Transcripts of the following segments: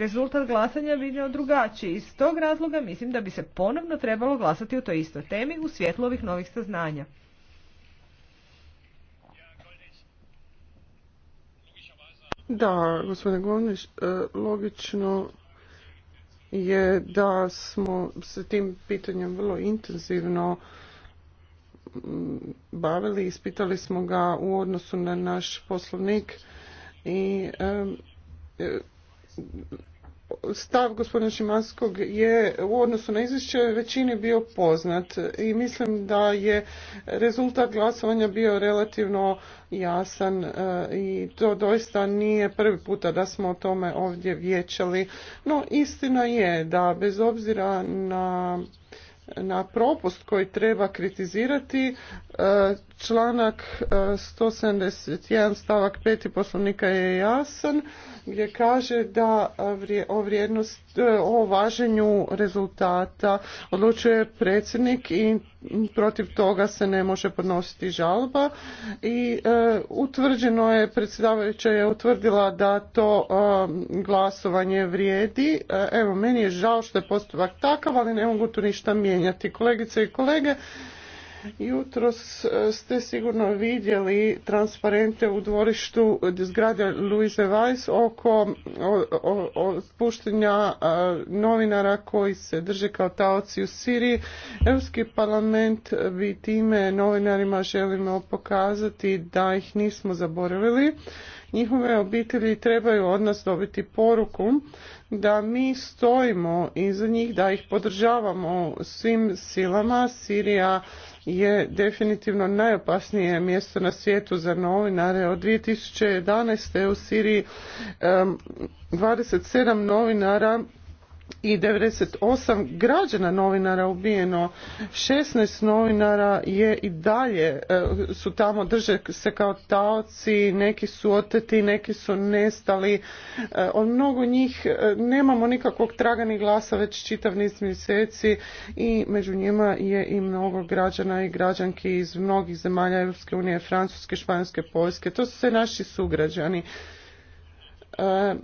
rezultat glasanja vidio drugačiji. Iz tog razloga mislim da bi se ponovno trebalo glasati o toj istoj temi u svjetlu ovih novih saznanja. Da, gospodine Govniš, e, logično je da smo se tim pitanjem vrlo intenzivno mm, bavili, ispitali smo ga u odnosu na naš poslovnik i e, stav gospodina Šimanskog je u odnosu na izvješće većini bio poznat i mislim da je rezultat glasovanja bio relativno jasan e, i to doista nije prvi puta da smo o tome ovdje vječali. No istina je da bez obzira na na propust koji treba kritizirati e, članak 171 e, stavak 5 poslovnika je jasan gdje kaže da o vrijednost e, o važenju rezultata odlučuje predsjednik i protiv toga se ne može podnositi žalba i utvrđeno je predsjedavajuća je utvrdila da to glasovanje vrijedi evo meni je žao što je postupak takav ali ne mogu tu ništa mijenjati mijenjati. Kolegice i kolege, jutros e, ste sigurno vidjeli transparente u dvorištu zgrade Louise Weiss oko otpuštenja e, novinara koji se drže kao taoci u Siriji. Europski parlament e, bi time novinarima želimo pokazati da ih nismo zaboravili Njihove obitelji trebaju od nas dobiti poruku da mi stojimo iza njih, da ih podržavamo svim silama. Sirija je definitivno najopasnije mjesto na svijetu za novinare. Od 2011. u Siriji 27 novinara i 98 građana novinara ubijeno, 16 novinara je i dalje e, su tamo, drže se kao taoci, neki su oteti, neki su nestali. E, Od mnogo njih e, nemamo nikakvog traga ni glasa već čitav niz mjeseci i među njima je i mnogo građana i građanki iz mnogih zemalja Europske unije, Francuske, Španjske, Poljske. To su sve naši sugrađani. E,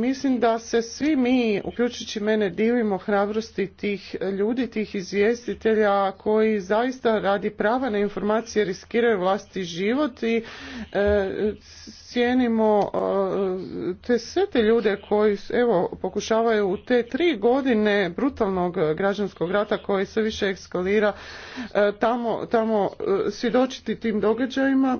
mislim da se svi mi, uključujući mene, divimo hrabrosti tih ljudi, tih izvjestitelja koji zaista radi prava na informacije riskiraju vlastiti život i e, cijenimo e, te sve te ljude koji evo, pokušavaju u te tri godine brutalnog građanskog rata koji se više eskalira tamo, tamo svjedočiti tim događajima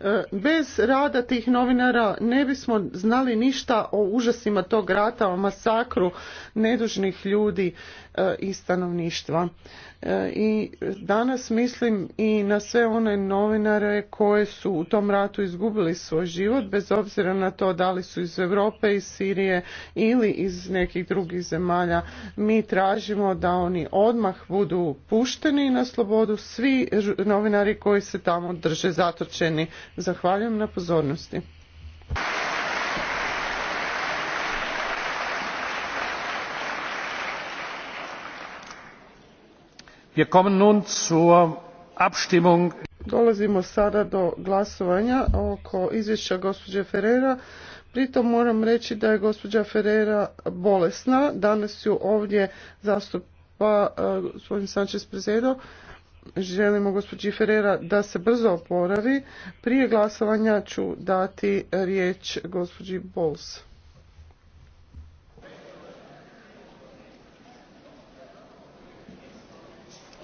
E, bez rada tih novinara ne bismo znali ništa o užasima tog rata, o masakru nedužnih ljudi e, i stanovništva. E, I danas mislim i na sve one novinare koje su u tom ratu izgubili svoj život, bez obzira na to da li su iz Europe, iz Sirije ili iz nekih drugih zemalja. Mi tražimo da oni odmah budu pušteni na slobodu, svi novinari koji se tamo drže zatočeni Zahvaljujem na pozornosti. Wir kommen nun zur Dolazimo sada do glasovanja oko izvješća gospođe Ferreira. Pritom moram reći da je gospođa Ferreira bolesna. Danas ju ovdje zastupa eh, gospodin Sanchez Prezedo želimo gospođi Ferrera da se brzo oporavi. Prije glasovanja ću dati riječ gospođi Bols.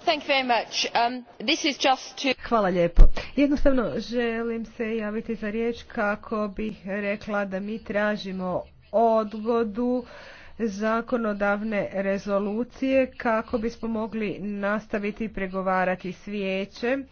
Um, Hvala lijepo. Jednostavno želim se javiti za riječ kako bih rekla da mi tražimo odgodu zakonodavne rezolucije kako bismo mogli nastaviti pregovarati s vijećem